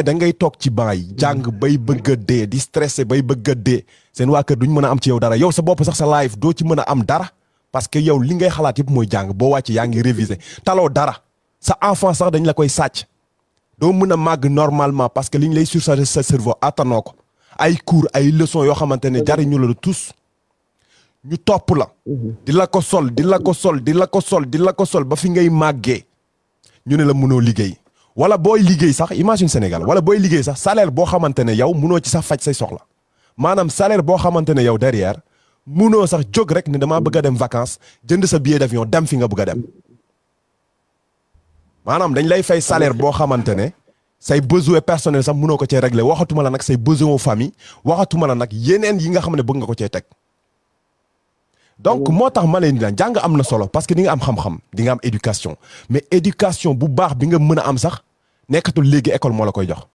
da ngay toog ci banc yi jàng mm. bay bëgg a dee di stressé bay bëgg a dee seen waa kër duñ mën a am ci yow dara yow sa bopp sax sa live doo ci mën a am dara parce que yow li ngay xalaat yëpp mooy jàng boo wàcc yaa ngi révisé taloo dara sa enfant sax dañ la koy sàcc doo mën a màgg normalement parce que li ñu lay surcharger sa cerveau attanoo ko ay cours ay leçons yoo xamante ne jariñu la tous ñu topp la mm-hmm. di la ko sol di la ko sol di la ko sol di la ko sol ba fi ngay màggee ñu ne la mënoo liggéey wala booy liggéey sax imagine Sénégal wala booy liggéey sax salaire boo xamante ne yow munoo ci sax faj say soxla maanaam salaire boo xamante ne yow derrière munoo sax jóg rek ne damaa bëgg a dem vacance jënd sa billet d'avion dem fi nga bëgg a dem maanaam dañ lay fay salaire boo xamante ne say besoin personnel sax munoo ko cee regle waxatuma la nag say besoin famille waxatuma la nag yeneen yi nga xam ne bëgg nga ko cee teg donc mmh. moo tax ma leen di jàng am na solo parce que di nga am xam-xam di am éducation mais éducation bu baax bi nga mën a am sax nekkatul léegi école moo la koy jox.